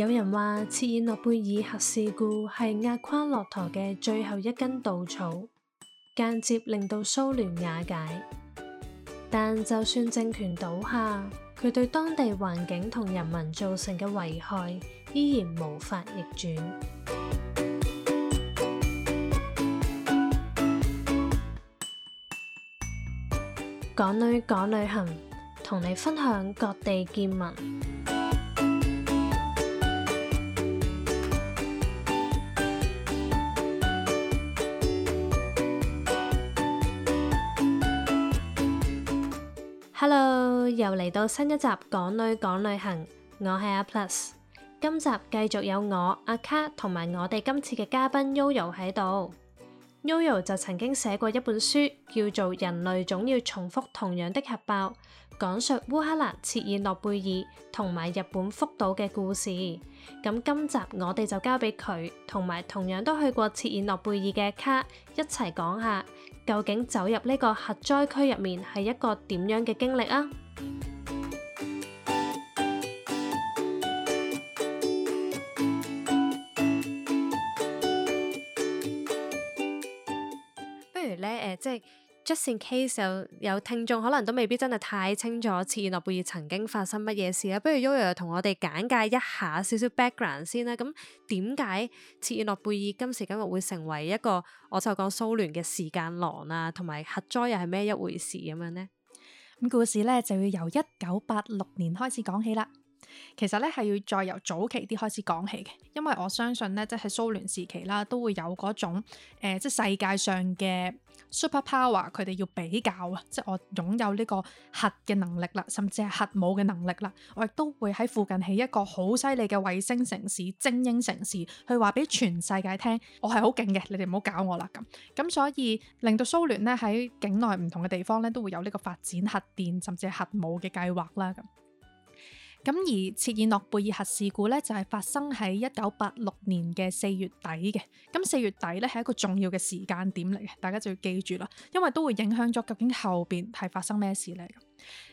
有人話切爾諾貝爾核事故係壓垮駱駝嘅最後一根稻草，間接令到蘇聯瓦解。但就算政權倒下，佢對當地環境同人民造成嘅危害依然無法逆轉。港女港旅行同你分享各地見聞。又嚟到新一集《港女港旅行》，我係阿 Plus，今集繼續有我阿卡同埋我哋今次嘅嘉賓 Yoyo 喺度。Yoyo 就曾經寫過一本書，叫做《人類總要重複同樣的核爆》，講述烏克蘭切爾諾貝爾同埋日本福島嘅故事。咁今集我哋就交俾佢同埋同樣都去過切爾諾貝爾嘅卡一齊講下。究竟走入呢個核災區入面係一個點樣嘅經歷啊？ 不如咧，誒、呃，即係。Just in case 有有聽眾可能都未必真係太清楚切爾諾貝爾曾經發生乜嘢事咧，不如 Yoyo 同我哋簡介一下少少 background 先啦。咁點解切爾諾貝爾今時今日會成為一個我就講蘇聯嘅時間囊啊，同埋核災又係咩一回事咁樣呢？咁故事咧就要由一九八六年開始講起啦。其實咧係要再由早期啲開始講起嘅，因為我相信呢，即係蘇聯時期啦，都會有嗰種誒、呃、即係世界上嘅 super power，佢哋要比較啊，即係我擁有呢個核嘅能力啦，甚至係核武嘅能力啦，我亦都會喺附近起一個好犀利嘅衛星城市、精英城市，去話俾全世界聽，我係好勁嘅，你哋唔好搞我啦咁。咁所以令到蘇聯呢，喺境內唔同嘅地方呢，都會有呢個發展核電甚至係核武嘅計劃啦咁。咁而切爾諾貝爾核事故咧，就係、係、發生喺一九八六年嘅四月底嘅。咁四月底咧，係一個重要嘅時間點嚟嘅，大家就要記住啦，因為都會影響咗究竟後邊係發生咩事咧。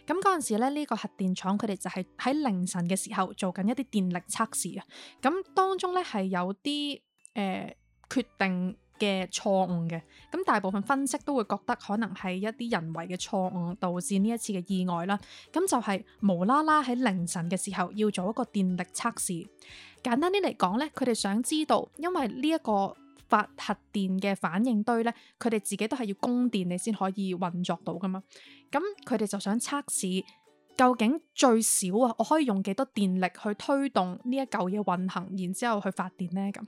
咁嗰陣時咧，呢、呢個核電廠佢哋就係喺凌晨嘅時候做緊一啲電力測試啊。咁當中咧係有啲誒、呃、決定。嘅錯誤嘅，咁大部分分析都會覺得可能係一啲人為嘅錯誤導致呢一次嘅意外啦。咁就係無啦啦喺凌晨嘅時候要做一個電力測試。簡單啲嚟講呢，佢哋想知道，因為呢一個發核電嘅反應堆呢，佢哋自己都係要供電，你先可以運作到噶嘛。咁佢哋就想測試究竟最少啊，我可以用幾多電力去推動呢一嚿嘢運行，然之後去發電呢。咁。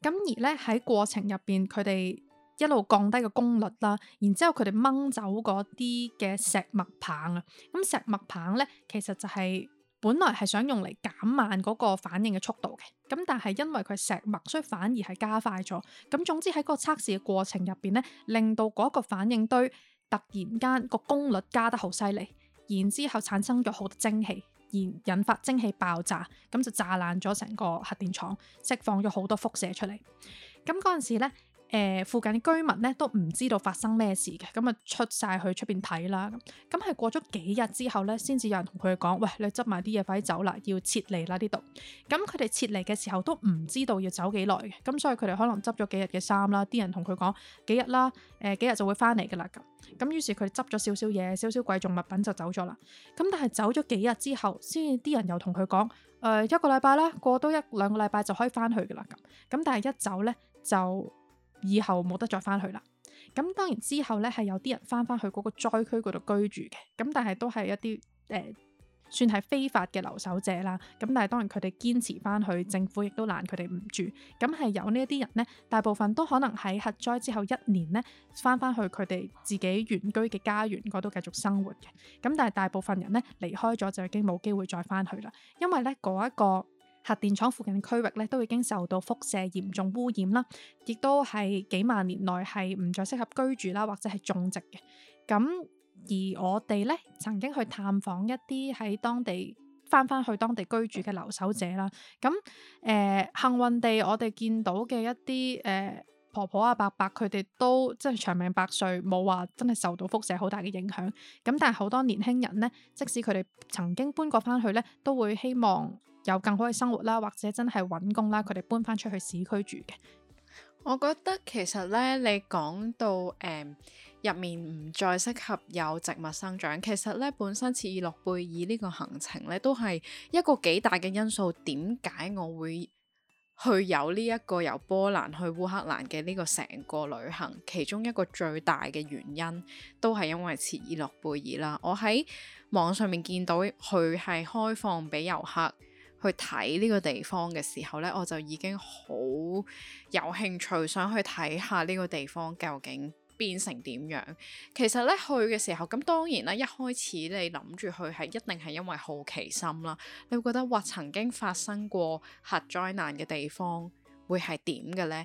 咁而呢，喺過程入邊，佢哋一路降低個功率啦，然之後佢哋掹走嗰啲嘅石墨棒啊。咁石墨棒呢，其實就係本來係想用嚟減慢嗰個反應嘅速度嘅。咁但係因為佢係石墨，所以反而係加快咗。咁總之喺嗰個測試嘅過程入邊呢，令到嗰個反應堆突然間個功率加得好犀利，然之後產生咗好多蒸汽。而引發蒸汽爆炸，咁就炸爛咗成個核電廠，釋放咗好多輻射出嚟。咁嗰陣時呢。呃、附近居民咧都唔知道發生咩事嘅，咁啊出晒去出邊睇啦。咁係過咗幾日之後呢，先至有人同佢講，喂，你執埋啲嘢快啲走啦，要撤離啦呢度。咁佢哋撤離嘅時候都唔知道要走幾耐嘅，咁所以佢哋可能執咗幾日嘅衫啦。啲人同佢講幾日啦，誒、呃、幾日就會翻嚟噶啦咁。咁於是佢執咗少少嘢，少少貴重物品就走咗啦。咁但係走咗幾日之後，先啲人又同佢講，誒、呃、一個禮拜啦，過多一兩個禮拜就可以翻去噶啦咁。咁但係一走呢就。就以後冇得再翻去啦。咁當然之後呢，係有啲人翻翻去嗰個災區嗰度居住嘅。咁但係都係一啲誒、呃，算係非法嘅留守者啦。咁但係當然佢哋堅持翻去，政府亦都攔佢哋唔住。咁係有呢一啲人呢，大部分都可能喺核災之後一年呢翻翻去佢哋自己原居嘅家園嗰度繼續生活嘅。咁但係大部分人呢，離開咗就已經冇機會再翻去啦，因為呢嗰一、嗰個。核電廠附近區域咧，都已經受到輻射嚴重污染啦，亦都係幾萬年內係唔再適合居住啦，或者係種植嘅。咁而我哋咧曾經去探訪一啲喺當地返返去當地居住嘅留守者啦。咁誒、呃、幸運地，我哋見到嘅一啲誒、呃、婆婆啊、伯伯佢哋都即係長命百歲，冇話真係受到輻射好大嘅影響。咁但係好多年輕人咧，即使佢哋曾經搬過返去咧，都會希望。有更好嘅生活啦，或者真係揾工啦，佢哋搬翻出去市區住嘅。我覺得其實咧，你講到誒入、嗯、面唔再適合有植物生長，其實咧本身切爾諾貝爾呢個行程咧都係一個幾大嘅因素。點解我會去有呢、這、一個由波蘭去烏克蘭嘅呢個成個旅行？其中一個最大嘅原因都係因為切爾諾貝爾啦。我喺網上面見到佢係開放俾遊客，去睇呢個地方嘅時候呢，我就已經好有興趣，想去睇下呢個地方究竟變成點樣。其實呢，去嘅時候，咁當然啦，一開始你諗住去係一定係因為好奇心啦。你會覺得：「嘩，曾經發生過核災難嘅地方會係點嘅呢？」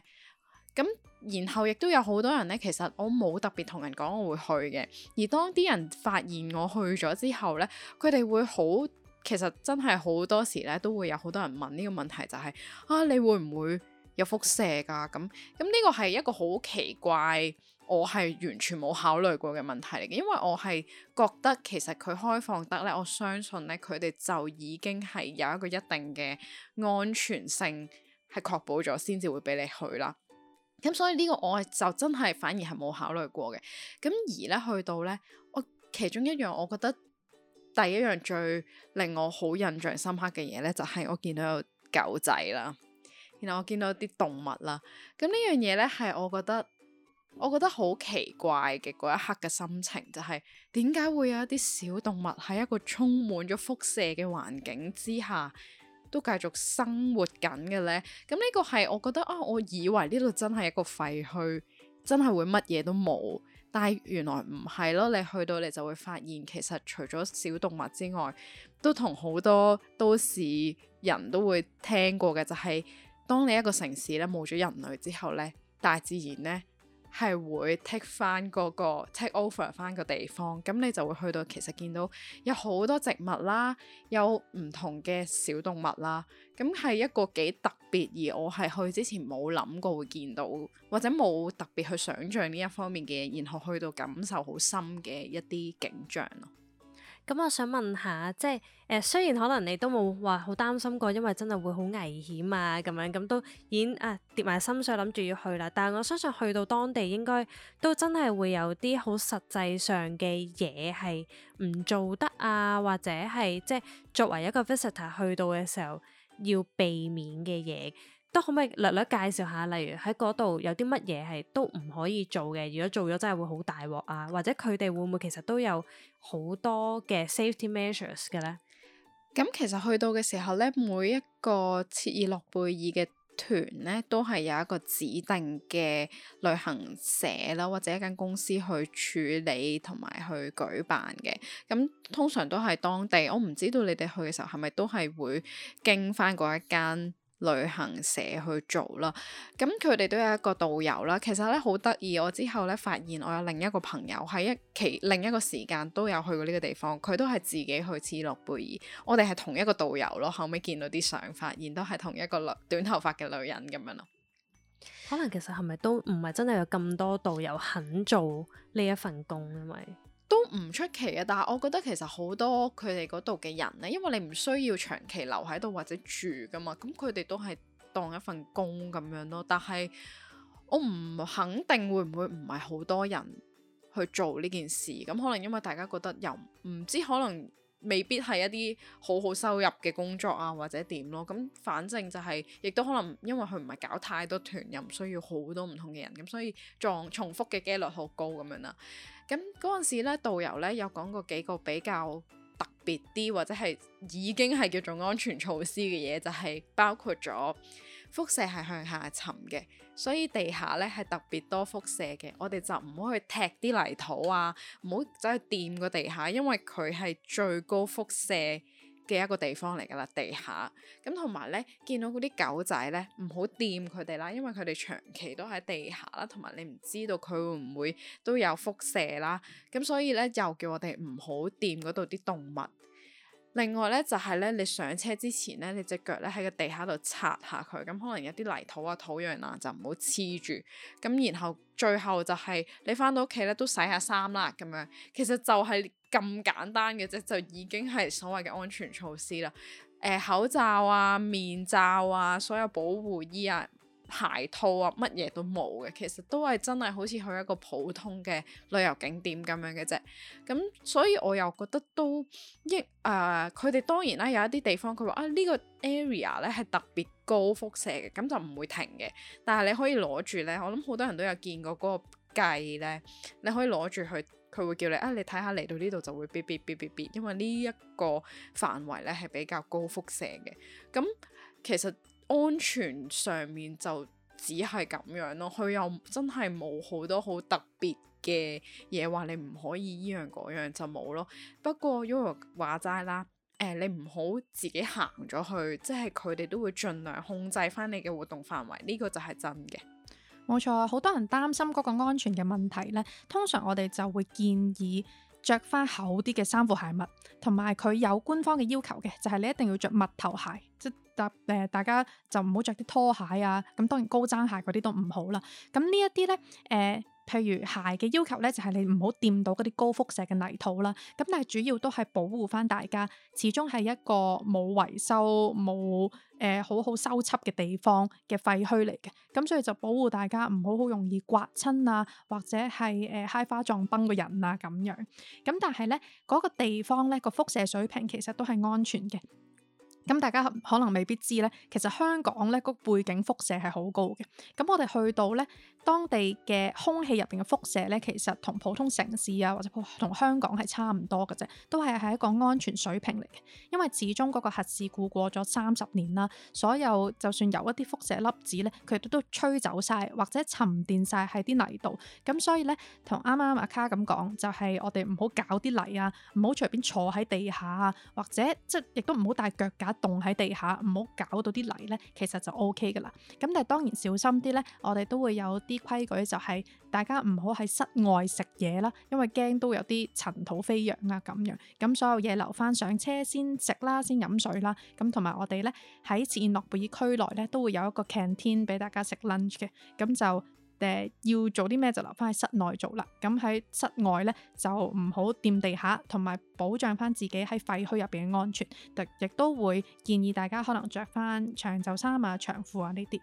咁然後亦都有好多人呢，其實我冇特別同人講我會去嘅。而當啲人發現我去咗之後呢，佢哋會好。其實真係好多時咧，都會有好多人問呢個問題，就係、是、啊，你會唔會有輻射㗎？咁咁呢個係一個好奇怪，我係完全冇考慮過嘅問題嚟嘅，因為我係覺得其實佢開放得咧，我相信咧佢哋就已經係有一個一定嘅安全性係確保咗，先至會俾你去啦。咁、嗯、所以呢個我係就真係反而係冇考慮過嘅。咁、嗯、而咧去到咧，我其中一樣我覺得。第一樣最令我好印象深刻嘅嘢呢，就係我見到有狗仔啦，然後我見到啲動物啦。咁呢樣嘢呢，係我覺得我覺得好奇怪嘅嗰一刻嘅心情，就係點解會有一啲小動物喺一個充滿咗輻射嘅環境之下都繼續生活緊嘅呢？咁呢個係我覺得啊，我以為呢度真係一個廢墟，真係會乜嘢都冇。但係原來唔係咯，你去到你就會發現，其實除咗小動物之外，都同好多都市人都會聽過嘅，就係、是、當你一個城市呢冇咗人類之後呢，大自然呢，係會 take 翻嗰，那個 take over 翻個地方，咁你就會去到其實見到有好多植物啦，有唔同嘅小動物啦，咁係一個幾特別，而我係去之前冇諗過會見到，或者冇特別去想象呢一方面嘅嘢，然後去到感受好深嘅一啲景象咯。咁我想問下，即係誒、呃，雖然可能你都冇話好擔心過，因為真係會好危險啊咁樣，咁都已經啊跌埋心水，諗住要去啦。但係我相信去到當地應該都真係會有啲好實際上嘅嘢係唔做得啊，或者係即係作為一個 visitor 去到嘅時候要避免嘅嘢。都可唔可以略略介紹下，例如喺嗰度有啲乜嘢係都唔可以做嘅，如果做咗真係會好大鑊啊，或者佢哋會唔會其實都有好多嘅 safety measures 嘅咧？咁其實去到嘅時候呢，每一個切爾諾貝爾嘅團呢，都係有一個指定嘅旅行社啦，或者一間公司去處理同埋去舉辦嘅。咁通常都係當地，我唔知道你哋去嘅時候係咪都係會經翻嗰一間。旅行社去做啦，咁佢哋都有一個導遊啦。其實咧好得意，我之後咧發現我有另一個朋友喺一期另一個時間都有去過呢個地方，佢都係自己去切爾諾貝爾，我哋係同一個導遊咯。後尾見到啲相，發現都係同一個短頭髮嘅女人咁樣咯。可能其實係咪都唔係真係有咁多導遊肯做呢一份工，因為？都唔出奇嘅，但係我覺得其實好多佢哋嗰度嘅人咧，因為你唔需要長期留喺度或者住噶嘛，咁佢哋都係當一份工咁樣咯。但係我唔肯定會唔會唔係好多人去做呢件事。咁可能因為大家覺得又唔知，可能未必係一啲好好收入嘅工作啊，或者點咯。咁反正就係，亦都可能因為佢唔係搞太多團，又唔需要好多唔同嘅人，咁所以撞重複嘅機率好高咁樣啦。咁嗰陣時咧，導遊咧有講過幾個比較特別啲，或者係已經係叫做安全措施嘅嘢，就係包括咗輻射係向下沉嘅，所以地下咧係特別多輻射嘅。我哋就唔好去踢啲泥土啊，唔好走去掂個地下，因為佢係最高輻射嘅一個地方嚟㗎啦，地下咁同埋咧，見到嗰啲狗仔咧，唔好掂佢哋啦，因為佢哋長期都喺地下啦，同埋你唔知道佢會唔會都有輻射啦。咁所以咧，又叫我哋唔好掂嗰度啲動物。另外咧，就係咧，你上車之前咧，你隻腳咧喺個地下度擦下佢，咁可能有啲泥土啊、土壤啊，就唔好黐住。咁然後最後就係你翻到屋企咧，都洗下衫啦咁樣。其實就係。咁簡單嘅啫，就已經係所謂嘅安全措施啦。誒、呃，口罩啊、面罩啊、所有保護衣啊、鞋套啊，乜嘢都冇嘅。其實都係真係好似去一個普通嘅旅遊景點咁樣嘅啫。咁所以我又覺得都益誒。佢哋、呃、當然啦，有一啲地方佢話啊，呢個 area 咧係特別高輻射嘅，咁就唔會停嘅。但係你可以攞住咧，我諗好多人都有見過嗰個計咧，你可以攞住去。佢會叫你啊、哎，你睇下嚟到呢度就會嗶嗶嗶嗶嗶，因為呢一個範圍咧係比較高輻射嘅。咁、嗯、其實安全上面就只係咁樣咯，佢又真係冇好多好特別嘅嘢話你唔可以依樣嗰樣就冇咯。不過 Yoyo 話齋啦，誒、呃、你唔好自己行咗去，即係佢哋都會盡量控制翻你嘅活動範圍，呢、這個就係真嘅。冇錯，好多人擔心嗰個安全嘅問題咧，通常我哋就會建議着返厚啲嘅衫褲鞋襪，同埋佢有官方嘅要求嘅，就係、是、你一定要着襪頭鞋，即係大、呃、大家就唔好着啲拖鞋啊，咁當然高踭鞋嗰啲都唔好啦，咁呢一啲呢。誒、呃。譬如鞋嘅要求咧，就係、是、你唔好掂到嗰啲高輻射嘅泥土啦。咁但係主要都係保護翻大家，始終係一個冇維修冇誒、呃、好好收葺嘅地方嘅廢墟嚟嘅。咁所以就保護大家唔好好容易刮親啊，或者係誒揩花撞崩個人啊咁樣。咁但係咧嗰個地方咧、個輻射水平其實都係安全嘅。咁大家可能未必知咧，其實香港咧個背景輻射係好高嘅。咁我哋去到咧當地嘅空氣入邊嘅輻射咧，其實同普通城市啊或者同香港係差唔多嘅啫，都係喺一個安全水平嚟嘅。因為始終嗰個核事故過咗三十年啦，所有就算有一啲輻射粒子咧，佢都都吹走晒或者沉澱晒喺啲泥度。咁所以咧，同啱啱阿卡咁講，就係我哋唔好搞啲泥啊，唔好隨便坐喺地下啊，或者即係亦都唔好帶腳架。棟喺地下，唔好搞到啲泥呢，其實就 OK 㗎喇。咁但係當然小心啲呢，我哋都會有啲規矩，就係大家唔好喺室外食嘢啦，因為驚都會有啲塵土飛揚啊咁樣。咁所有嘢留翻上車先食啦，先飲水啦。咁同埋我哋呢，喺切爾諾貝爾區內呢，都會有一個 canteen 俾大家食 lunch 嘅。咁就。誒要做啲咩就留翻喺室內做啦，咁喺室外呢，就唔好掂地下，同埋保障翻自己喺廢墟入邊嘅安全。特亦都會建議大家可能着翻長袖衫啊、長褲啊呢啲。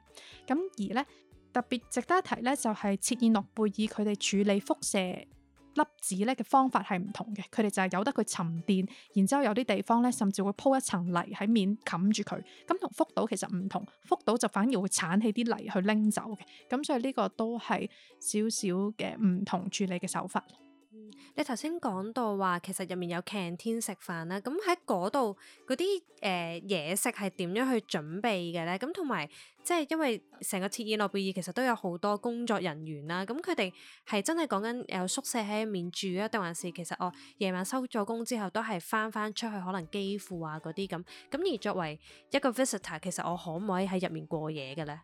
咁而呢，特別值得一提呢，就係切爾諾貝爾佢哋處理輻射粒子咧，嘅方法係唔同嘅，佢哋就係由得佢沉澱，然之後有啲地方咧，甚至會鋪一層泥喺面冚住佢。咁同福島其實唔同，福島就反而會鏟起啲泥去拎走嘅，咁所以呢個都係少少嘅唔同處理嘅手法。嗯、你頭先講到話，其實入面有 canteen、呃、食飯啦，咁喺嗰度嗰啲誒嘢食係點樣去準備嘅呢？咁同埋即係因為成個切爾諾貝爾其實都有好多工作人員啦，咁佢哋係真係講緊有宿舍喺入面住啊，定還是其實我夜晚收咗工之後都係翻翻出去可能機庫啊嗰啲咁。咁而作為一個 visitor，其實我可唔可以喺入面過夜嘅呢？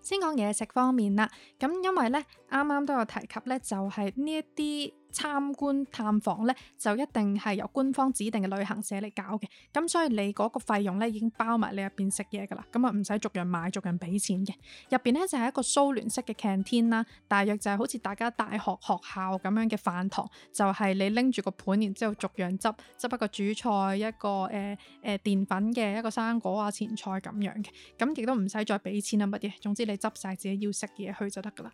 先講嘢食方面啦，咁因為呢，啱啱都有提及呢，就係呢一啲。參觀探訪呢，就一定係由官方指定嘅旅行社嚟搞嘅，咁所以你嗰個費用呢，已經包埋你入邊食嘢噶啦，咁啊唔使逐樣買，逐樣俾錢嘅。入邊呢，就係、是、一個蘇聯式嘅 canteen 啦，大約就係好似大家大學學校咁樣嘅飯堂，就係、是、你拎住個盤，然之後逐樣執執一個主菜，一個誒誒、呃呃、澱粉嘅一個生果啊前菜咁樣嘅，咁亦都唔使再俾錢啊乜嘢，總之你執晒自己要食嘢去就得噶啦。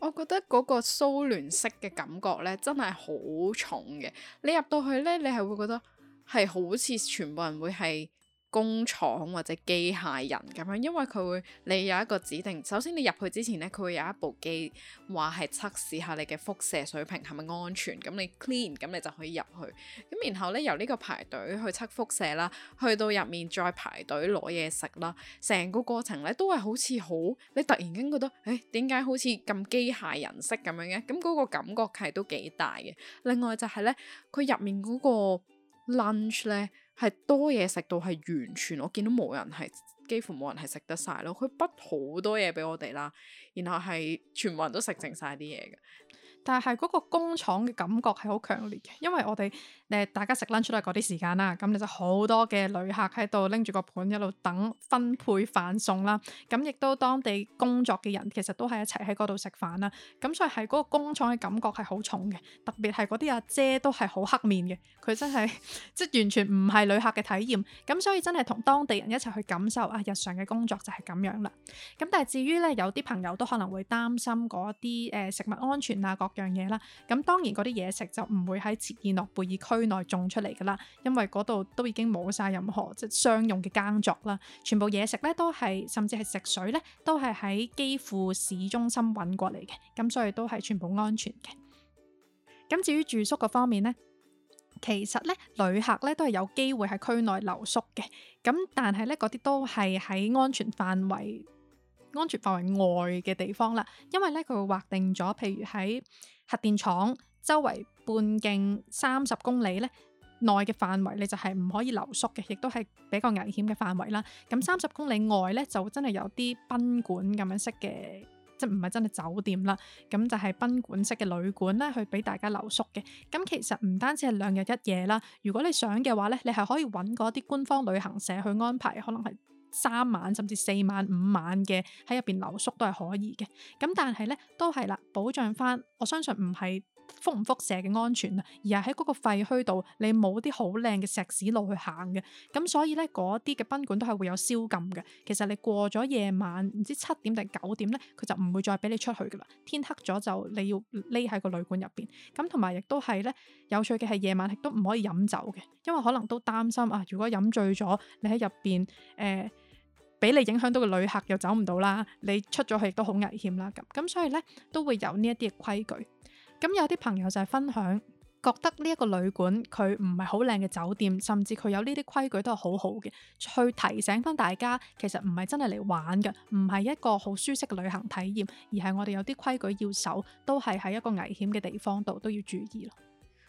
我覺得嗰個蘇聯式嘅感覺咧，真係好重嘅。你入到去咧，你係會覺得係好似全部人會係，工廠或者機械人咁樣，因為佢會你有一個指定。首先你入去之前呢，佢會有一部機話係測試下你嘅輻射水平係咪安全。咁你 clean，咁你就可以入去。咁然後呢，由呢個排隊去測輻射啦，去到入面再排隊攞嘢食啦。成個過程呢，都係好似好，你突然間覺得，誒點解好似咁機械人式咁樣嘅？咁嗰個感覺係都幾大嘅。另外就係呢，佢入面嗰個 lunch 咧。係多嘢食到係完全，我見到冇人係幾乎冇人係食得晒咯。佢畢好多嘢俾我哋啦，然後係全部人都食剩晒啲嘢嘅。但係嗰個工廠嘅感覺係好強烈嘅，因為我哋誒、呃、大家食 lunch 嗰啲時間啦，咁你就好多嘅旅客喺度拎住個盤一路等分配飯餸啦，咁亦都當地工作嘅人其實都係一齊喺嗰度食飯啦，咁所以係嗰個工廠嘅感覺係好重嘅，特別係嗰啲阿姐都係好黑面嘅，佢真係即完全唔係旅客嘅體驗，咁所以真係同當地人一齊去感受啊，日常嘅工作就係咁樣啦。咁但係至於呢，有啲朋友都可能會擔心嗰啲誒食物安全啊，各樣嘢啦，咁當然嗰啲嘢食就唔會喺切爾諾貝爾區內種出嚟㗎喇，因為嗰度都已經冇晒任何即商用嘅耕作啦，全部嘢食呢都係甚至係食水呢都係喺基輔市中心揾過嚟嘅，咁所以都係全部安全嘅。咁至於住宿嗰方面呢，其實呢旅客呢都係有機會喺區內留宿嘅，咁但係呢嗰啲都係喺安全範圍安全範圍外嘅地方啦，因為咧佢會劃定咗，譬如喺核電廠周圍半徑三十公里咧內嘅範圍，你就係唔可以留宿嘅，亦都係比較危險嘅範圍啦。咁三十公里外咧，就真係有啲賓館咁樣式嘅，即唔係真係酒店啦，咁就係賓館式嘅旅館咧，去俾大家留宿嘅。咁其實唔單止係兩日一夜啦，如果你想嘅話咧，你係可以揾嗰啲官方旅行社去安排，可能係。三晚甚至四晚、五晚嘅喺入邊留宿都係可以嘅，咁但係咧都係啦，保障翻，我相信唔係輻唔輻射嘅安全啦，啊，而係喺嗰個廢墟度，你冇啲好靚嘅石屎路去行嘅，咁所以呢，嗰啲嘅賓館都係會有宵禁嘅。其實你過咗夜晚唔知七點定九點呢，佢就唔會再俾你出去噶啦。天黑咗就你要匿喺個旅館入邊咁，同埋亦都係呢，有趣嘅係夜晚亦都唔可以飲酒嘅，因為可能都擔心啊。如果飲醉咗，你喺入邊誒俾你影響到個旅客又走唔到啦，你出咗去亦都好危險啦。咁咁所以呢，都會有呢一啲嘅規矩。咁有啲朋友就係分享，覺得呢一個旅館佢唔係好靚嘅酒店，甚至佢有呢啲規矩都係好好嘅，去提醒翻大家其實唔係真係嚟玩嘅，唔係一個好舒適嘅旅行體驗，而係我哋有啲規矩要守，都係喺一個危險嘅地方度都要注意咯。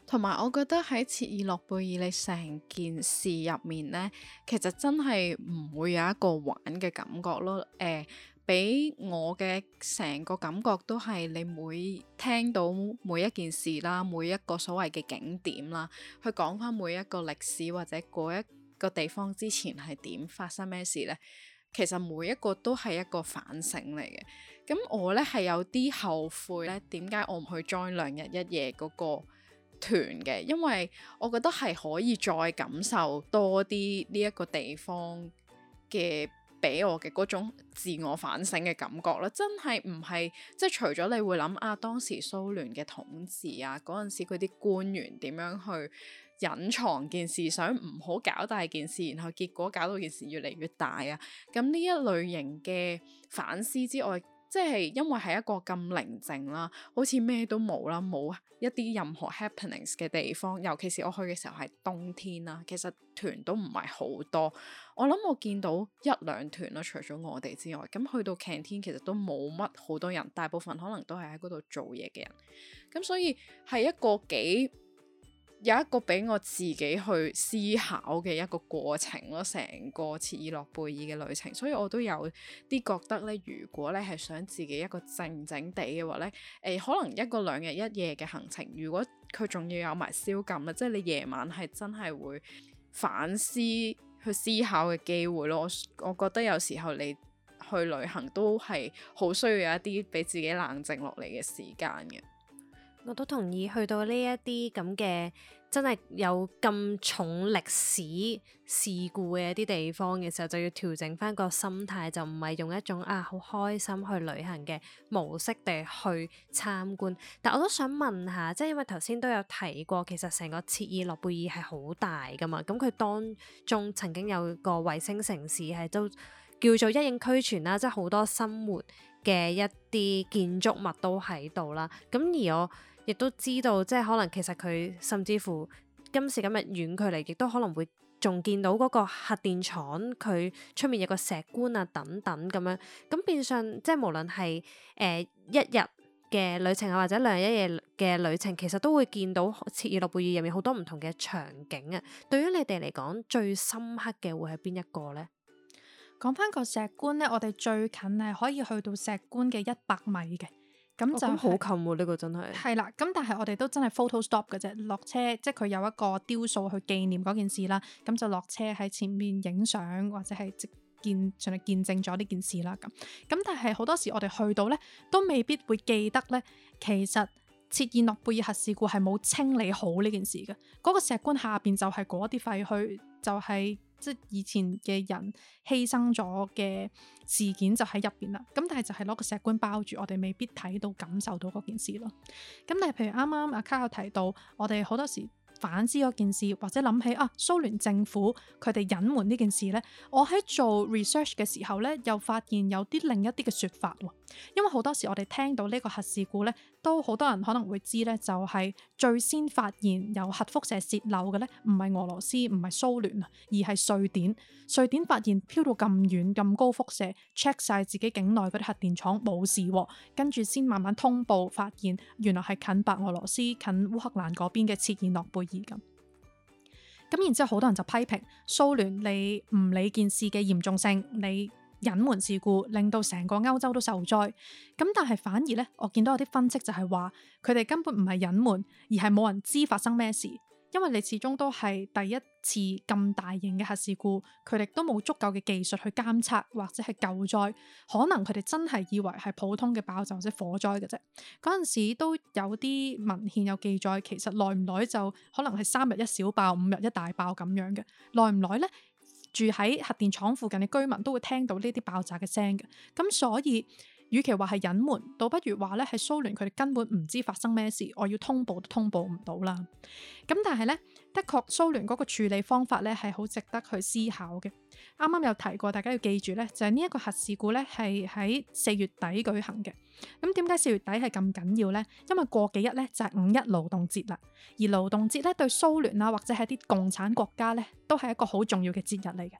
同埋我覺得喺切爾諾貝爾，你成件事入面呢，其實真係唔會有一個玩嘅感覺咯，誒、欸。俾我嘅成個感覺都係你每聽到每一件事啦，每一個所謂嘅景點啦，去講翻每一個歷史或者嗰一個地方之前係點發生咩事呢？其實每一個都係一個反省嚟嘅。咁我呢係有啲後悔呢，點解我唔去 join 兩日一夜嗰個團嘅？因為我覺得係可以再感受多啲呢一個地方嘅。俾我嘅嗰種自我反省嘅感覺咧，真係唔係即係除咗你會諗啊，當時蘇聯嘅統治啊，嗰陣時佢啲官員點樣去隱藏件事，想唔好搞大件事，然後結果搞到件事越嚟越大啊！咁呢一類型嘅反思之外，即係因為係一個咁寧靜啦，好似咩都冇啦，冇一啲任何 happenings 嘅地方。尤其是我去嘅時候係冬天啦，其實團都唔係好多。我諗我見到一兩團啦，除咗我哋之外，咁去到 canteen 其實都冇乜好多人，大部分可能都係喺嗰度做嘢嘅人。咁所以係一個幾。有一個俾我自己去思考嘅一個過程咯，成個切爾諾貝爾嘅旅程，所以我都有啲覺得咧，如果咧係想自己一個靜靜地嘅話咧，誒、欸、可能一個兩日一夜嘅行程，如果佢仲要有埋宵禁，啊，即係你夜晚係真係會反思去思考嘅機會咯。我我覺得有時候你去旅行都係好需要有一啲俾自己冷靜落嚟嘅時間嘅。我都同意去到呢一啲咁嘅真係有咁重歷史事故嘅一啲地方嘅時候，就要調整翻個心態，就唔係用一種啊好開心去旅行嘅模式地去參觀。但我都想問下，即係因為頭先都有提過，其實成個切爾諾貝爾係好大噶嘛，咁佢當中曾經有個衛星城市係都叫做一應俱全啦，即係好多生活嘅一啲建築物都喺度啦。咁而我。亦都知道，即係可能其實佢甚至乎今時今日遠距離，亦都可能會仲見到嗰個核電廠佢出面有個石棺啊等等咁樣。咁變相即係無論係誒、呃、一日嘅旅程啊，或者兩日一夜嘅旅程，其實都會見到切爾諾貝爾入面好多唔同嘅場景啊。對於你哋嚟講，最深刻嘅會係邊一個呢？講返個石棺咧，我哋最近係可以去到石棺嘅一百米嘅。咁就，咁好近喎！呢個真係，係啦，咁但係我哋都真係 photo stop 嘅啫，落車即係佢有一個雕塑去紀念嗰件事啦，咁就落車喺前面影相或者係見盡力見證咗呢件事啦，咁，咁但係好多時我哋去到呢，都未必會記得呢。其實切爾諾貝爾核事故係冇清理好呢件事嘅，嗰個石棺下邊就係嗰啲廢墟，就係。即以前嘅人犧牲咗嘅事件就喺入邊啦，咁但係就係攞個石棺包住，我哋未必睇到感受到嗰件事咯。咁但係譬如啱啱阿卡提到，我哋好多時反思嗰件事，或者諗起啊蘇聯政府佢哋隱瞞呢件事呢，我喺做 research 嘅時候呢，又發現有啲另一啲嘅說法，因為好多時我哋聽到呢個核事故呢。都好多人可能會知呢就係最先發現有核輻射洩漏嘅呢唔係俄羅斯，唔係蘇聯啊，而係瑞典。瑞典發現飄到咁遠咁高輻射，check 晒自己境內嗰啲核電廠冇事喎，跟住先慢慢通報發現，原來係近白俄羅斯、近烏克蘭嗰邊嘅切爾諾貝爾咁。咁然之後，好多人就批評蘇聯，你唔理件事嘅嚴重性，你，隱瞞事故令到成個歐洲都受災，咁但係反而呢，我見到有啲分析就係話佢哋根本唔係隱瞞，而係冇人知發生咩事，因為你始終都係第一次咁大型嘅核事故，佢哋都冇足夠嘅技術去監測或者係救災，可能佢哋真係以為係普通嘅爆炸或者火災嘅啫。嗰陣時都有啲文獻有記載，其實耐唔耐就可能係三日一小爆，五日一大爆咁樣嘅，耐唔耐呢？住喺核電廠附近嘅居民都會聽到呢啲爆炸嘅聲嘅，咁所以，與其話係隱瞞，倒不如話呢係蘇聯佢哋根本唔知發生咩事，我要通報都通報唔到啦。咁但係呢。的確蘇聯嗰個處理方法咧係好值得去思考嘅。啱啱有提過，大家要記住咧，就係呢一個核事故咧係喺四月底舉行嘅。咁點解四月底係咁緊要咧？因為過幾日咧就係五一勞動節啦。而勞動節咧對蘇聯啊或者係啲共產國家咧都係一個好重要嘅節日嚟嘅。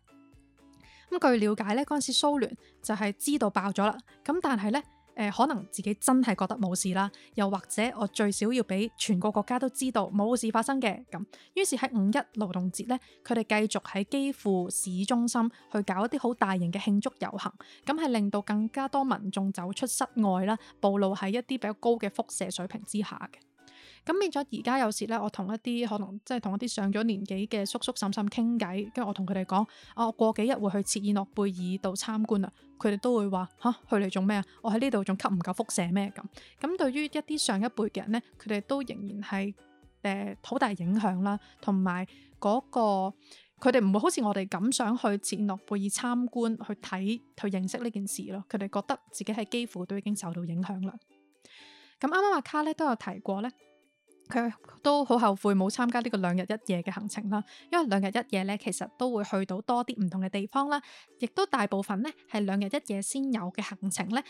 咁據了解咧，嗰陣時蘇聯就係知道爆咗啦。咁但係咧。誒、呃、可能自己真係覺得冇事啦，又或者我最少要俾全個國、國家都知道冇事發生嘅，咁，於是喺五一勞動節呢，佢哋繼續喺基輔市中心去搞一啲好大型嘅慶祝遊行，咁係令到更加多民眾走出室外啦，暴露喺一啲比較高嘅輻射水平之下嘅。咁變咗而家有時咧，我同一啲可能即係同一啲上咗年紀嘅叔叔嬸嬸傾偈，跟住我同佢哋講，我、哦、過幾日會去切爾諾貝爾度參觀啦，佢哋都會話吓，去嚟做咩啊？我喺呢度仲吸唔夠輻射咩咁？咁對於一啲上一輩嘅人呢，佢哋都仍然係誒好大影響啦，同埋嗰個佢哋唔會好似我哋咁想去切爾諾貝爾參觀去睇去認識呢件事咯，佢哋覺得自己係幾乎都已經受到影響啦。咁啱啱阿卡呢都有提過呢。佢、okay. 都好後悔冇參加呢個兩日一夜嘅行程啦，因為兩日一夜咧，其實都會去到多啲唔同嘅地方啦，亦都大部分咧係兩日一夜先有嘅行程咧。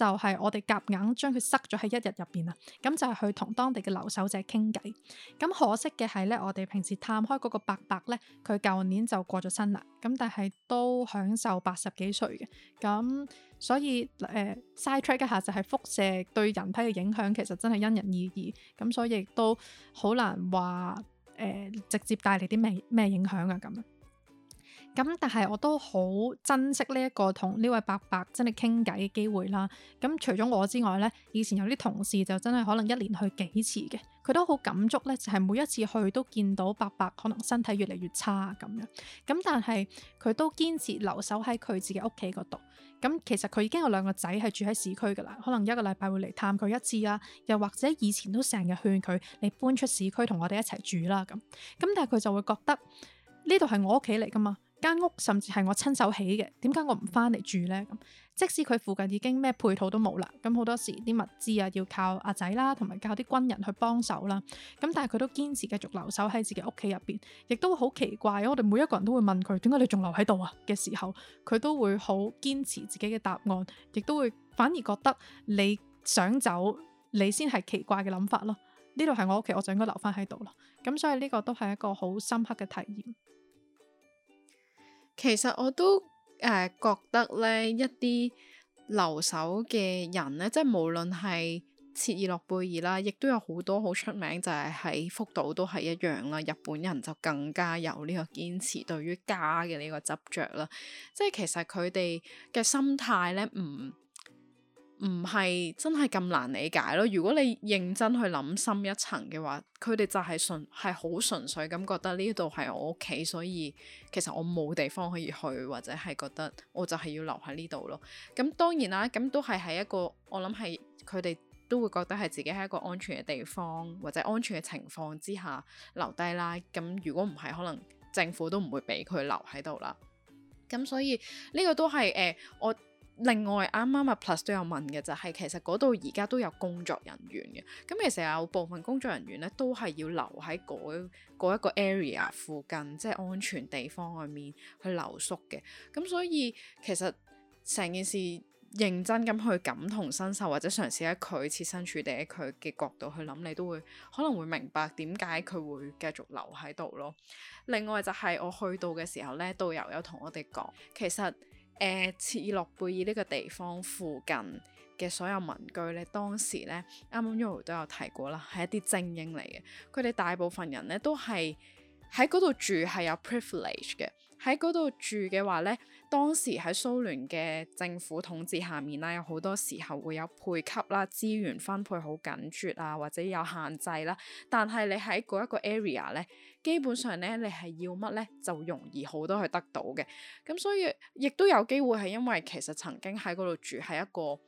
就係我哋夾硬將佢塞咗喺一日入邊啊！咁就係去同當地嘅留守者傾偈。咁可惜嘅係呢，我哋平時探開嗰個伯伯呢，佢舊年就過咗身啦。咁但係都享受八十幾歲嘅。咁所以誒、呃，side track 一、er、下就係輻射對人體嘅影響，其實真係因人而異。咁所以亦都好難話誒、呃，直接帶嚟啲咩咩影響啊咁。咁但係我都好珍惜呢一個同呢位伯伯真係傾偈嘅機會啦。咁除咗我之外呢，以前有啲同事就真係可能一年去幾次嘅，佢都好感觸呢，就係每一次去都見到伯伯可能身體越嚟越差咁樣。咁但係佢都堅持留守喺佢自己屋企嗰度。咁其實佢已經有兩個仔係住喺市區噶啦，可能一個禮拜會嚟探佢一次啊。又或者以前都成日勸佢你搬出市區同我哋一齊住啦咁。咁但係佢就會覺得呢度係我屋企嚟噶嘛。間屋甚至係我親手起嘅，點解我唔翻嚟住呢？即使佢附近已經咩配套都冇啦，咁好多時啲物資啊要靠阿仔啦，同埋教啲軍人去幫手啦，咁但係佢都堅持繼續留守喺自己屋企入邊，亦都好奇怪。我哋每一個人都會問佢，點解你仲留喺度啊？嘅時候，佢都會好堅持自己嘅答案，亦都會反而覺得你想走，你先係奇怪嘅諗法咯。呢度係我屋企，我就應該留翻喺度咯。咁所以呢個都係一個好深刻嘅體驗。其實我都誒覺得咧，一啲留守嘅人咧，即係無論係切爾諾貝爾啦，亦都有好多好出名，就係喺福島都係一樣啦。日本人就更加有呢個堅持對於家嘅呢個執著啦，即係其實佢哋嘅心態咧唔唔係真係咁難理解咯。如果你認真去諗深一層嘅話，佢哋就係純係好純粹咁覺得呢度係我屋企，所以其實我冇地方可以去，或者係覺得我就係要留喺呢度咯。咁當然啦，咁都係喺一個我諗係佢哋都會覺得係自己喺一個安全嘅地方或者安全嘅情況之下留低啦。咁如果唔係，可能政府都唔會俾佢留喺度啦。咁所以呢個都係誒、呃、我。另外啱啱阿 Plus 都有問嘅就係其實嗰度而家都有工作人員嘅，咁其實有部分工作人員咧都係要留喺嗰一,一個 area 附近，即係安全地方外面去留宿嘅。咁所以其實成件事認真咁去感同身受，或者嘗試喺佢設身處地喺佢嘅角度去諗，你都會可能會明白點解佢會繼續留喺度咯。另外就係我去到嘅時候呢，導遊有同我哋講，其實。誒，切爾諾貝爾呢個地方附近嘅所有民居咧，當時呢，啱啱 Yoyo 都有提過啦，係一啲精英嚟嘅。佢哋大部分人呢，都係喺嗰度住，係有 privilege 嘅。喺嗰度住嘅話呢。當時喺蘇聯嘅政府統治下面咧，有好多時候會有配給啦，資源分配好緊絀啊，或者有限制啦。但係你喺嗰一個 area 咧，基本上咧，你係要乜咧就容易好多去得到嘅。咁所以亦都有機會係因為其實曾經喺嗰度住係一個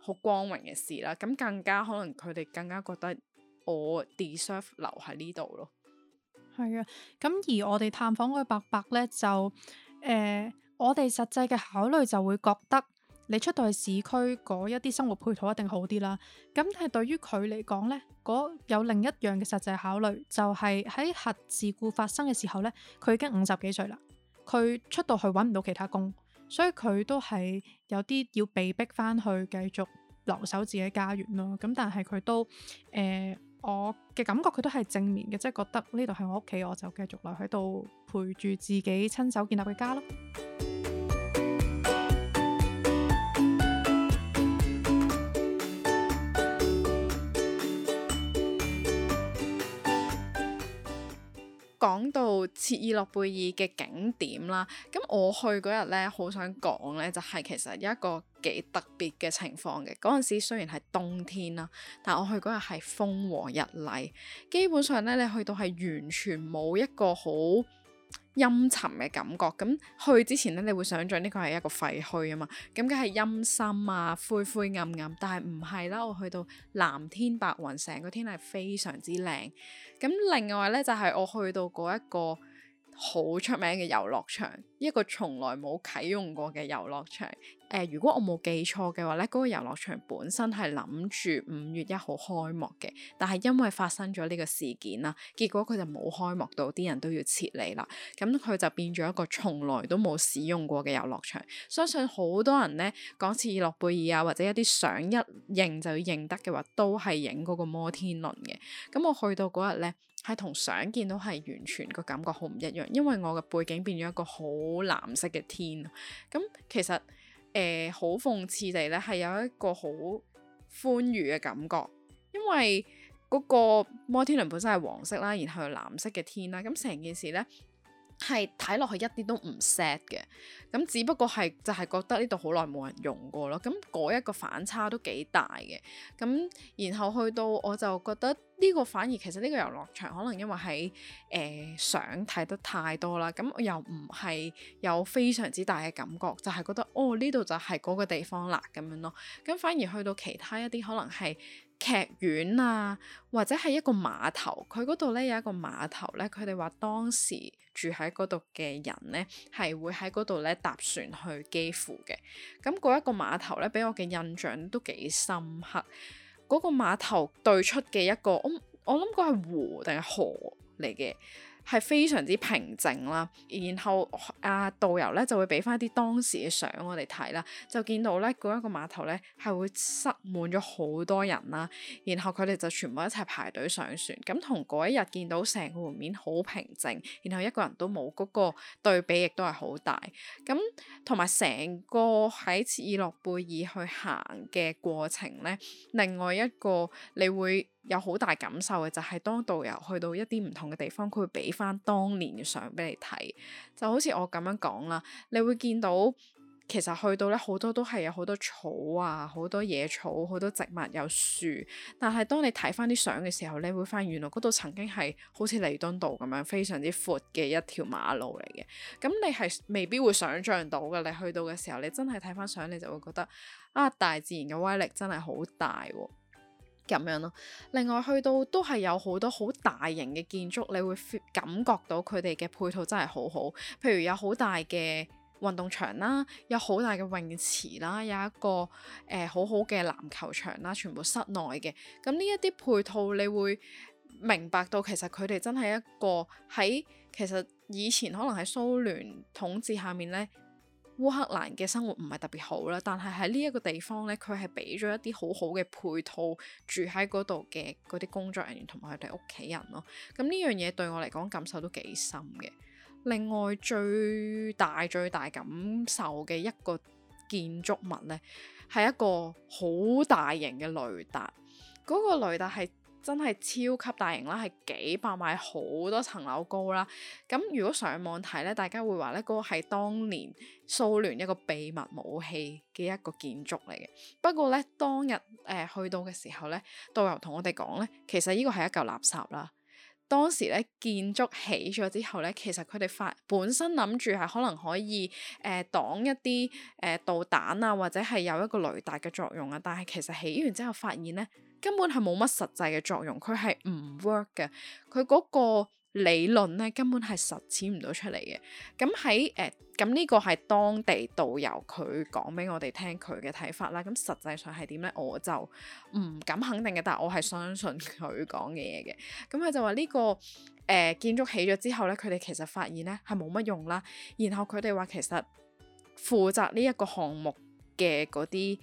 好光榮嘅事啦。咁更加可能佢哋更加覺得我 deserve 留喺呢度咯。係啊，咁而我哋探訪嗰個伯伯咧就誒。呃我哋實際嘅考慮就會覺得，你出到去市區嗰一啲生活配套一定好啲啦。咁但係對於佢嚟講呢，嗰有另一樣嘅實際考慮就係喺核事故發生嘅時候呢，佢已經五十幾歲啦，佢出到去揾唔到其他工，所以佢都係有啲要被逼翻去繼續留守自己家園咯。咁但係佢都誒。呃我嘅感覺佢都係正面嘅，即係覺得呢度係我屋企，我就繼續留喺度陪住自己，親手建立嘅家咯。講到切爾諾貝爾嘅景點啦，咁我去嗰日呢，好想講呢，就係其實一個幾特別嘅情況嘅。嗰陣時雖然係冬天啦，但我去嗰日係風和日麗，基本上呢，你去到係完全冇一個好陰沉嘅感覺，咁去之前咧，你會想象呢個係一個廢墟啊嘛，咁梗係陰森啊，灰灰暗暗，但係唔係啦，我去到藍天白雲，成個天係非常之靚，咁另外呢，就係我去到嗰一個。好出名嘅遊樂場，一個從來冇啟用過嘅遊樂場。誒、呃，如果我冇記錯嘅話，呢個遊樂場本身係諗住五月一號開幕嘅，但係因為發生咗呢個事件啦，結果佢就冇開幕到，啲人都要撤離啦。咁佢就變咗一個從來都冇使用過嘅遊樂場。相信好多人呢，講切爾諾貝爾啊，或者一啲相一認就要認得嘅話，都係影嗰個摩天輪嘅。咁我去到嗰日呢。係同相見到係完全個感覺好唔一樣，因為我嘅背景變咗一個好藍色嘅天，咁、嗯、其實誒好諷刺地咧，係有一個好寬裕嘅感覺，因為嗰個摩天輪本身係黃色啦，然後藍色嘅天啦，咁、嗯、成件事咧。係睇落去一啲都唔 sad 嘅，咁只不過係就係、是、覺得呢度好耐冇人用過咯，咁嗰一個反差都幾大嘅，咁然後去到我就覺得呢個反而其實呢個遊樂場可能因為喺誒相睇得太多啦，咁我又唔係有非常之大嘅感覺，就係、是、覺得哦呢度就係嗰個地方啦咁樣咯，咁反而去到其他一啲可能係，劇院啊，或者係一個碼頭，佢嗰度呢，有一個碼頭呢，佢哋話當時住喺嗰度嘅人呢，係會喺嗰度呢搭船去基輔嘅。咁嗰一個碼頭呢，俾我嘅印象都幾深刻。嗰、嗰個碼頭對出嘅一個，我我諗嗰係湖定係河嚟嘅。係非常之平靜啦，然後啊導遊咧就會俾翻啲當時嘅相我哋睇啦，就見到咧嗰一個碼頭咧係會塞滿咗好多人啦，然後佢哋就全部一齊排隊上船，咁、嗯、同嗰一日見到成個湖面好平靜，然後一個人都冇，嗰、嗰個對比亦都係好大，咁、嗯、同埋成個喺切爾諾貝爾去行嘅過程咧，另外一個你會有好大感受嘅就係、是、當導遊去到一啲唔同嘅地方，佢會俾翻當年嘅相俾你睇，就好似我咁樣講啦，你會見到其實去到咧好多都係有好多草啊，好多野草，好多植物有樹，但係當你睇翻啲相嘅時候，你會發現原來嗰度曾經係好似彌敦道咁樣非常之闊嘅一條馬路嚟嘅，咁你係未必會想象到嘅，你去到嘅時候，你真係睇翻相，你就會覺得啊大自然嘅威力真係好大喎、啊。咁樣咯，另外去到都係有好多好大型嘅建築，你會感覺到佢哋嘅配套真係好好。譬如有好大嘅運動場啦，有好大嘅泳池啦，有一個誒、呃、好好嘅籃球場啦，全部室內嘅。咁呢一啲配套，你會明白到其實佢哋真係一個喺其實以前可能喺蘇聯統治下面呢。烏克蘭嘅生活唔係特別好啦，但係喺呢一個地方呢，佢係俾咗一啲好好嘅配套，住喺嗰度嘅嗰啲工作人員同埋佢哋屋企人咯。咁呢樣嘢對我嚟講，感受都幾深嘅。另外，最大最大感受嘅一個建築物呢，係一個好大型嘅雷達。嗰個雷達係。真係超級大型啦，係幾百米好多層樓高啦。咁如果上網睇咧，大家會話咧，嗰、那個係當年蘇聯一個秘密武器嘅一個建築嚟嘅。不過咧，當日誒、呃、去到嘅時候咧，導遊同我哋講咧，其實呢個係一嚿垃圾啦。當時咧建築起咗之後咧，其實佢哋發本身諗住係可能可以誒、呃、擋一啲誒、呃、導彈啊，或者係有一個雷達嘅作用啊。但係其實起完之後發現咧。根本係冇乜實際嘅作用，佢係唔 work 嘅。佢嗰個理論咧根本係實踐唔到出嚟嘅。咁喺誒，咁、呃、呢個係當地導遊佢講俾我哋聽佢嘅睇法啦。咁實際上係點咧？我就唔敢肯定嘅，但係我係相信佢講嘅嘢嘅。咁佢就話呢、呢個誒、呃、建築起咗之後咧，佢哋其實發現咧係冇乜用啦。然後佢哋話其實負責呢一個項目嘅嗰啲。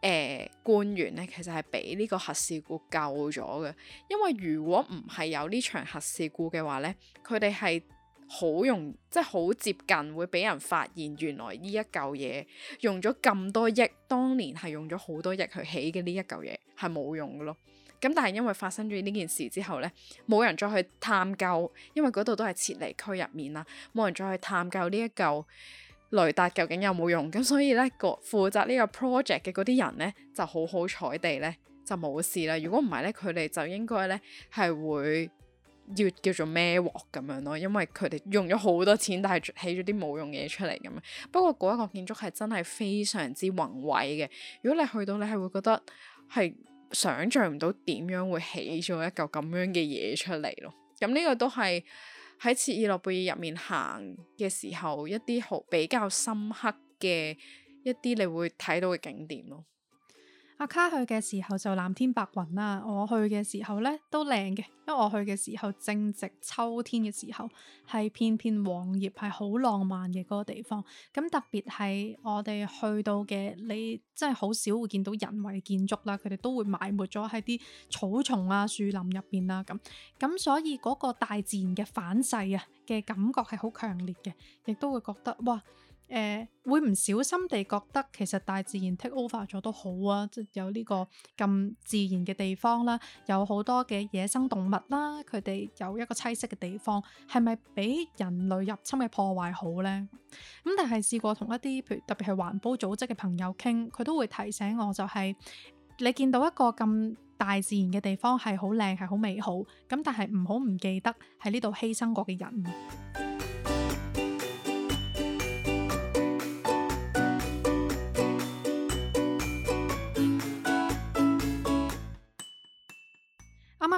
誒、呃、官員咧，其實係俾呢個核事故救咗嘅，因為如果唔係有呢場核事故嘅話咧，佢哋係好容，即係好接近會俾人發現，原來呢一嚿嘢用咗咁多億，當年係用咗好多億去起嘅呢一嚿嘢係冇用嘅咯。咁但係因為發生咗呢件事之後咧，冇人再去探究，因為嗰度都係撤離區入面啦，冇人再去探究呢一嚿。雷達究竟有冇用？咁所以呢個負責呢個 project 嘅嗰啲人呢，就好好彩地呢，就冇事啦。如果唔係呢，佢哋就應該呢，係會要叫做孭鑊咁樣咯。因為佢哋用咗好多錢，但係起咗啲冇用嘢出嚟咁樣。不過嗰一個建築係真係非常之宏偉嘅。如果你去到，你係會覺得係想像唔到點樣會起咗一嚿咁樣嘅嘢出嚟咯。咁呢個都係。喺切爾諾貝爾入面行嘅時候，一啲好比較深刻嘅一啲你會睇到嘅景點咯。阿、啊、卡去嘅時候就藍天白雲啦、啊，我去嘅時候呢都靚嘅，因為我去嘅時候正值秋天嘅時候，係片片黃葉係好浪漫嘅嗰個地方。咁特別係我哋去到嘅，你真係好少會見到人為建築啦，佢哋都會埋沒咗喺啲草叢啊、樹林入邊啊咁。咁所以嗰個大自然嘅反噬啊嘅感覺係好強烈嘅，亦都會覺得哇！誒、欸、會唔小心地覺得其實大自然 take over 咗都好啊，即、就係、有呢個咁自然嘅地方啦，有好多嘅野生動物啦，佢哋有一個棲息嘅地方，係咪比人類入侵嘅破壞好呢？咁但係試過同一啲，譬如特別係環保組織嘅朋友傾，佢都會提醒我，就係，就係你見到一個咁大自然嘅地方係好靚，係好美好，咁但係唔好唔記得喺呢度犧牲過嘅人。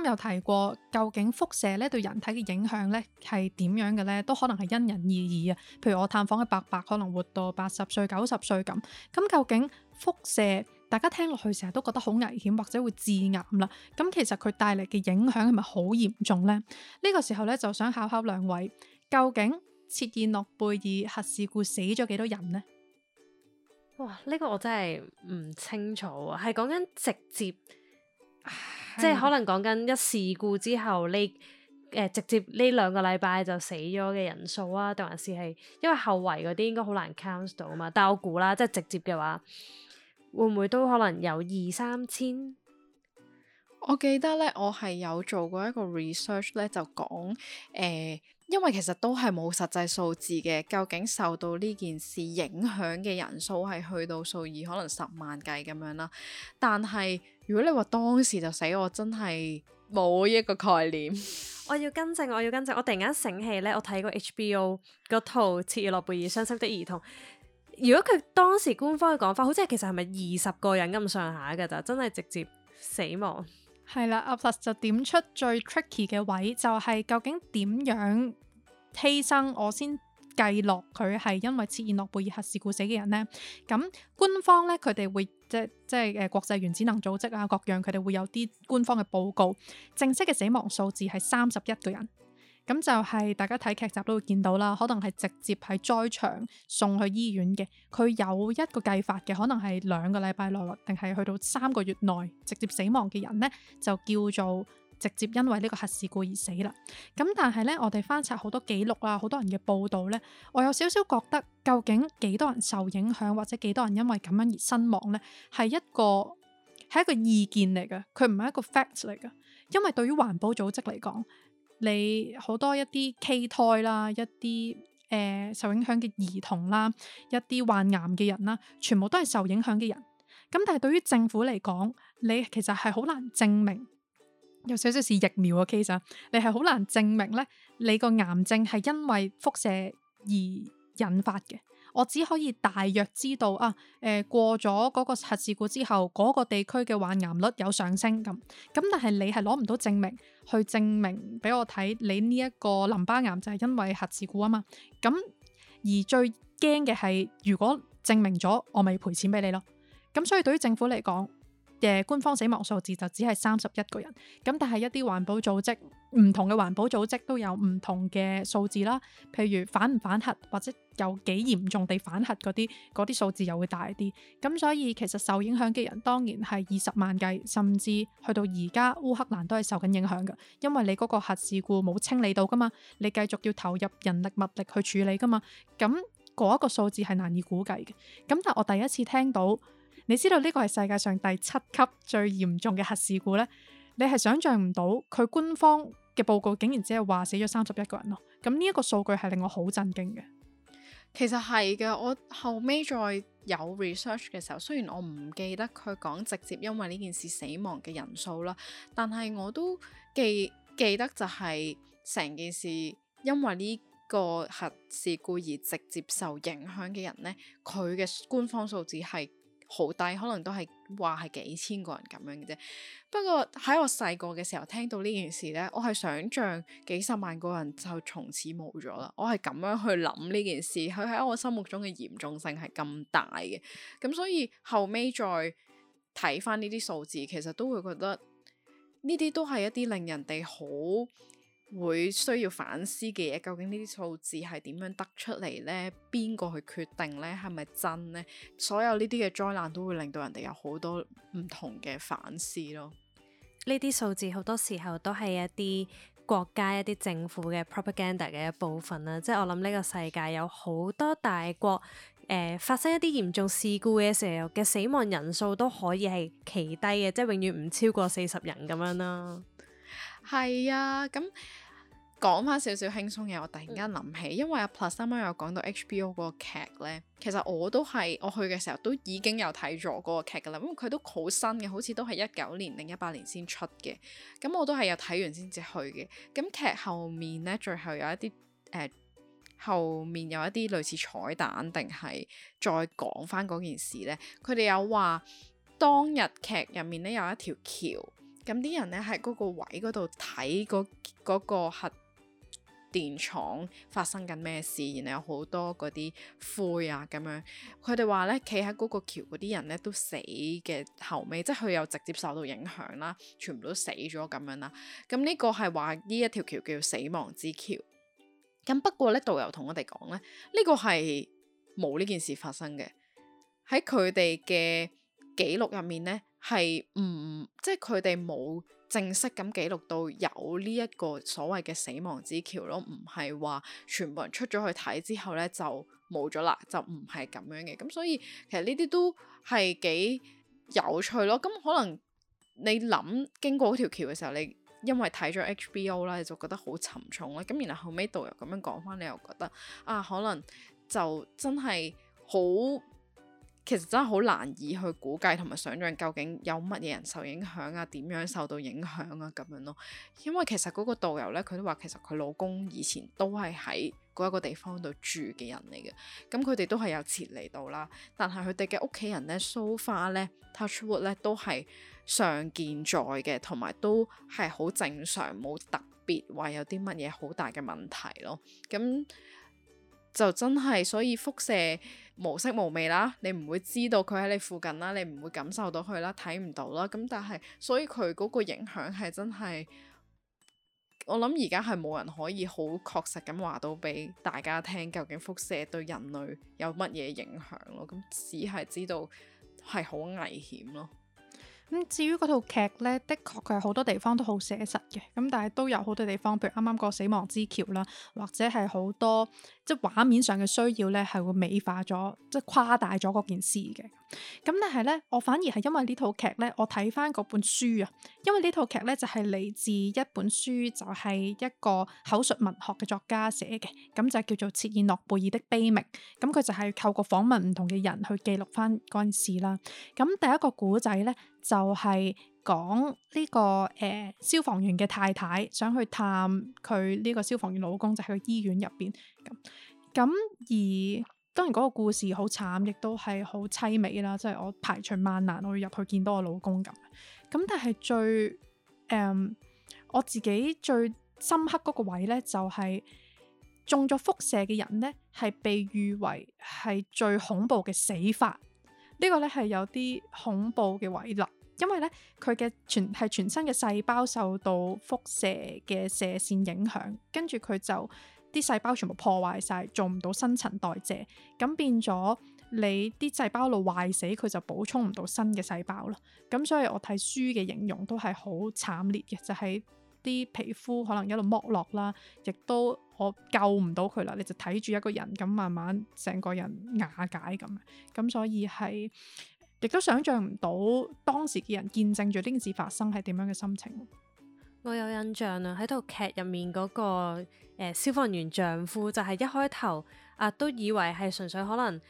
剛剛有提過，究竟輻射咧對人體嘅影響咧係點樣嘅呢？都可能係因人而異啊。譬如我探訪嘅伯伯，可能活到八十歲、九十歲咁。咁究竟輻射，大家聽落去成日都覺得好危險，或者會致癌啦。咁其實佢帶嚟嘅影響係咪好嚴重呢？呢個時候咧就想考考兩位，究竟切爾諾貝爾核事故死咗幾多人呢？哇！呢個我真係唔清楚啊，係講緊直接。即係可能講緊一事故之後呢誒、呃、直接呢兩個禮拜就死咗嘅人數啊，定還是係因為後遺嗰啲應該好難 count 到啊嘛。但我估啦，即係直接嘅話，會唔會都可能有二三千？我記得咧，我係有做過一個 research 咧，就講誒。呃因為其實都係冇實際數字嘅，究竟受到呢件事影響嘅人數係去到數以可能十萬計咁樣啦。但係如果你話當時就死，我真係冇一個概念。我要更正，我要更正，我突然間醒起咧，我睇過 HBO 個套《切爾諾貝爾消失的兒童》。如果佢當時官方嘅講法，好似係其實係咪二十個人咁上下噶咋？真係直接死亡。係啦，阿佛就點出最 tricky 嘅位，就係究竟點樣犧牲我先計落佢係因為切爾諾貝爾核事故死嘅人呢。咁官方呢，佢哋會即即係誒國際原子能組織啊各樣，佢哋會有啲官方嘅報告，正式嘅死亡數字係三十一個人。咁就係大家睇劇集都會見到啦，可能係直接喺災場送去醫院嘅。佢有一個計法嘅，可能係兩個禮拜內或定係去到三個月內直接死亡嘅人呢，就叫做直接因為呢個核事故而死啦。咁但係呢，我哋翻查好多記錄啊，好多人嘅報道呢，我有少少覺得究竟幾多人受影響，或者幾多人因為咁樣而身亡呢，係一個係一個意見嚟嘅，佢唔係一個 fact 嚟嘅，因為對於環保組織嚟講。你好多一啲畸胎啦，一啲誒、呃、受影響嘅兒童啦，一啲患癌嘅人啦，全部都係受影響嘅人。咁但係對於政府嚟講，你其實係好難證明有少少似疫苗嘅 case。你係好難證明咧，你個癌症係因為輻射而引發嘅。我只可以大約知道啊，誒、呃、過咗嗰個核事故之後，嗰、那個嗰地區嘅患癌率有上升咁。咁但係你係攞唔到證明去證明俾我睇，你呢一個淋巴癌就係因為核事故啊嘛。咁而最驚嘅係，如果證明咗，我咪要賠錢俾你咯。咁所以對於政府嚟講，嘅官方死亡數字就只係三十一個人，咁但係一啲環保組織，唔同嘅環保組織都有唔同嘅數字啦。譬如反唔反核，或者有幾嚴重地反核嗰啲，嗰啲數字又會大啲。咁、嗯、所以其實受影響嘅人當然係二十萬計，甚至去到而家烏克蘭都係受緊影響嘅，因為你嗰個核事故冇清理到噶嘛，你繼續要投入人力物力去處理噶嘛，咁嗰一個數字係難以估計嘅。咁、嗯、但我第一次聽到。你知道呢個係世界上第七級最嚴重嘅核事故咧？你係想象唔到佢官方嘅報告竟然只係話死咗三十一個人咯。咁呢一個數據係令我好震驚嘅。其實係嘅，我後尾再有 research 嘅時候，雖然我唔記得佢講直接因為呢件事死亡嘅人數啦，但係我都記記得就係成件事因為呢個核事故而直接受影響嘅人咧，佢嘅官方數字係。好低，可能都係話係幾千個人咁樣嘅啫。不過喺我細個嘅時候聽到呢件事咧，我係想象幾十萬個人就從此冇咗啦。我係咁樣去諗呢件事，佢喺我心目中嘅嚴重性係咁大嘅。咁所以後尾再睇翻呢啲數字，其實都會覺得呢啲都係一啲令人哋好會需要反思嘅嘢，究竟呢啲數字係點樣得出嚟呢？邊個去決定呢？係咪真呢？所有呢啲嘅災難都會令到人哋有好多唔同嘅反思咯。呢啲數字好多時候都係一啲國家、一啲政府嘅 propaganda 嘅一部分啦。即係我諗呢個世界有好多大國，誒、呃、發生一啲嚴重事故嘅時候嘅死亡人數都可以係奇低嘅，即係永遠唔超過四十人咁樣啦。係啊，咁講翻少少輕鬆嘢，我突然間諗起，嗯、因為阿 Plus 啱啱有講到 HBO 嗰個劇咧，其實我都係我去嘅時候都已經有睇咗嗰個劇噶啦，咁佢都好新嘅，好似都係一九年定一八年先出嘅，咁我都係有睇完先至去嘅。咁劇後面呢，最後有一啲誒、呃，後面有一啲類似彩蛋定係再講翻嗰件事呢。佢哋有話當日劇入面呢，有一條橋。咁啲人咧喺嗰個位嗰度睇嗰個核電廠發生緊咩事，然後有好多嗰啲灰啊咁樣。佢哋話咧，企喺嗰個橋嗰啲人咧都死嘅後尾，即係佢又直接受到影響啦，全部都死咗咁樣啦。咁呢個係話呢一條橋叫做死亡之橋。咁不過咧，導遊同我哋講咧，呢個係冇呢件事發生嘅。喺佢哋嘅記錄入面咧。係唔，即係佢哋冇正式咁記錄到有呢一個所謂嘅死亡之橋咯，唔係話全部人出咗去睇之後咧就冇咗啦，就唔係咁樣嘅。咁所以其實呢啲都係幾有趣咯。咁可能你諗經過嗰條橋嘅時候，你因為睇咗 HBO 啦，你就覺得好沉重啦。咁然後後尾導遊咁樣講翻，你又覺得啊，可能就真係好。其實真係好難以去估計同埋想像究竟有乜嘢人受影響啊，點樣受到影響啊咁樣咯。因為其實嗰個導遊咧，佢都話其實佢老公以前都係喺嗰一個地方度住嘅人嚟嘅。咁佢哋都係有撤離到啦，但係佢哋嘅屋企人咧、so far 呢 Touchwood 呢，都係尚健在嘅，同埋都係好正常，冇特別話有啲乜嘢好大嘅問題咯。咁。就真係，所以輻射無色無味啦，你唔會知道佢喺你附近啦，你唔會感受到佢啦，睇唔到啦。咁但係，所以佢嗰個影響係真係，我諗而家係冇人可以好確實咁話到俾大家聽，究竟輻射對人類有乜嘢影響咯。咁只係知道係好危險咯。至於嗰套劇呢，的確佢係好多地方都好寫實嘅。咁但係都有好多地方，譬如啱啱個死亡之橋啦，或者係好多即係畫面上嘅需要呢，係會美化咗，即係誇大咗嗰件事嘅。咁但係呢，我反而係因為呢套劇呢，我睇翻嗰本書啊，因為呢套劇呢，就係、是、嚟自一本書，就係、是、一個口述文學嘅作家寫嘅，咁就叫做《切現諾貝爾的悲鳴》。咁佢就係透個訪問唔同嘅人去記錄翻嗰件事啦。咁第一個古仔呢，就係講呢個誒、呃、消防員嘅太太想去探佢呢個消防員老公，就喺、是、個醫院入邊咁。咁而當然嗰個故事好慘，亦都係好淒美啦，即、就、係、是、我排除萬難我要入去見到我老公咁。咁但係最誒、呃、我自己最深刻嗰個位呢，就係、是、中咗輻射嘅人呢，係被譽為係最恐怖嘅死法。呢個呢係有啲恐怖嘅毀滅，因為呢，佢嘅全係全身嘅細胞受到輻射嘅射線影響，跟住佢就啲細胞全部破壞晒，做唔到新陳代謝，咁變咗你啲細胞路壞死，佢就補充唔到新嘅細胞咯。咁所以我睇書嘅形容都係好慘烈嘅，就係、是。啲皮膚可能一路剝落啦，亦都我救唔到佢啦，你就睇住一個人咁慢慢成個人瓦解咁，咁所以係亦都想像唔到當時嘅人見證住呢件事發生係點樣嘅心情。我有印象啊，喺套劇入面嗰個、呃、消防員丈夫就係、是、一開頭啊都以為係純粹可能。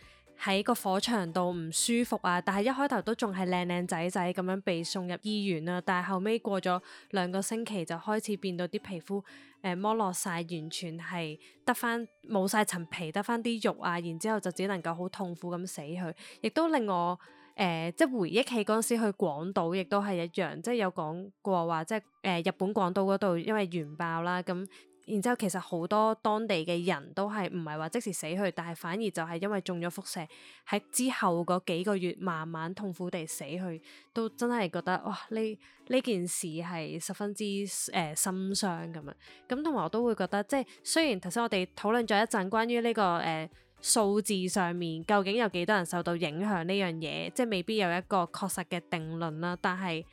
喺個火場度唔舒服啊，但係一開頭都仲係靚靚仔仔咁樣被送入醫院啊。但係後尾過咗兩個星期就開始變到啲皮膚誒剝落晒，完全係得翻冇晒層皮，得翻啲肉啊，然之後就只能夠好痛苦咁死去。亦都令我誒、呃、即係回憶起嗰陣時去廣島，亦都係一樣，即係有講過話即係誒、呃、日本廣島嗰度因為原爆啦咁。然之後，其實好多當地嘅人都係唔係話即時死去，但係反而就係因為中咗輻射，喺之後嗰幾個月慢慢痛苦地死去，都真係覺得哇！呢呢件事係十分之誒、呃、心傷咁啊！咁同埋我都會覺得，即係雖然頭先我哋討論咗一陣關於呢、呢個誒呃、數字上面究竟有幾多人受到影響呢樣嘢，即係未必有一個確實嘅定論啦，但係，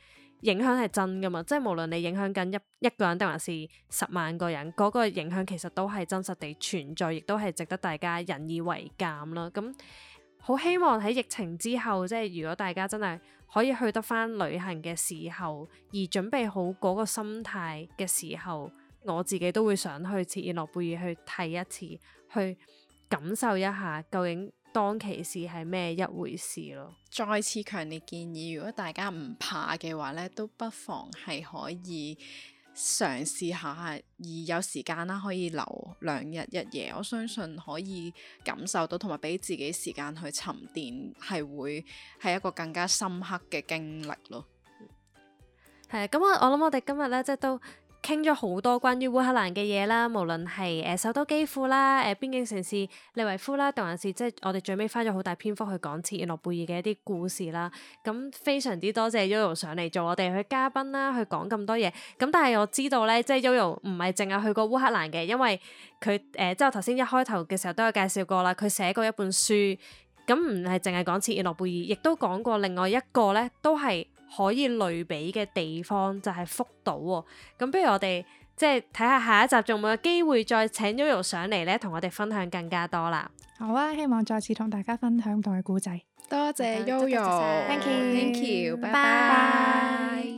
影響係真㗎嘛？即係無論你影響緊一一個人，定還是十萬個人，嗰個影響其實都係真實地存在，亦都係值得大家引以爲鑑啦。咁好希望喺疫情之後，即係如果大家真係可以去得翻旅行嘅時候，而準備好嗰個心態嘅時候，我自己都會想去切爾諾貝爾去睇一次，去感受一下究竟。當其時係咩一回事咯？再次強烈建議，如果大家唔怕嘅話呢都不妨係可以嘗試下，而有時間啦，可以留兩日一夜。我相信可以感受到，同埋俾自己時間去沉澱，係會係一個更加深刻嘅經歷咯。係啊、嗯，咁、嗯、我我諗我哋今日呢，即係都。傾咗好多關於烏克蘭嘅嘢啦，無論係誒首都基輔啦，誒邊境城市利維夫啦，定還是即係我哋最尾花咗好大篇幅去講切爾諾貝爾嘅一啲故事啦。咁非常之多謝 Yoyo 上嚟做我哋嘅嘉賓啦，去講咁多嘢。咁但係我知道咧，即係 Yoyo 唔係淨係去過烏克蘭嘅，因為佢誒、呃、即係我頭先一開頭嘅時候都有介紹過啦，佢寫過一本書，咁唔係淨係講切爾諾貝爾，亦都講過另外一個咧，都係。可以類比嘅地方就係、是、福島喎，咁不如我哋即係睇下下一集仲冇機會再請悠 o 上嚟咧，同我哋分享更加多啦。好啊，希望再次同大家分享同佢故仔。多謝悠 o t h a n k you，thank you，拜拜。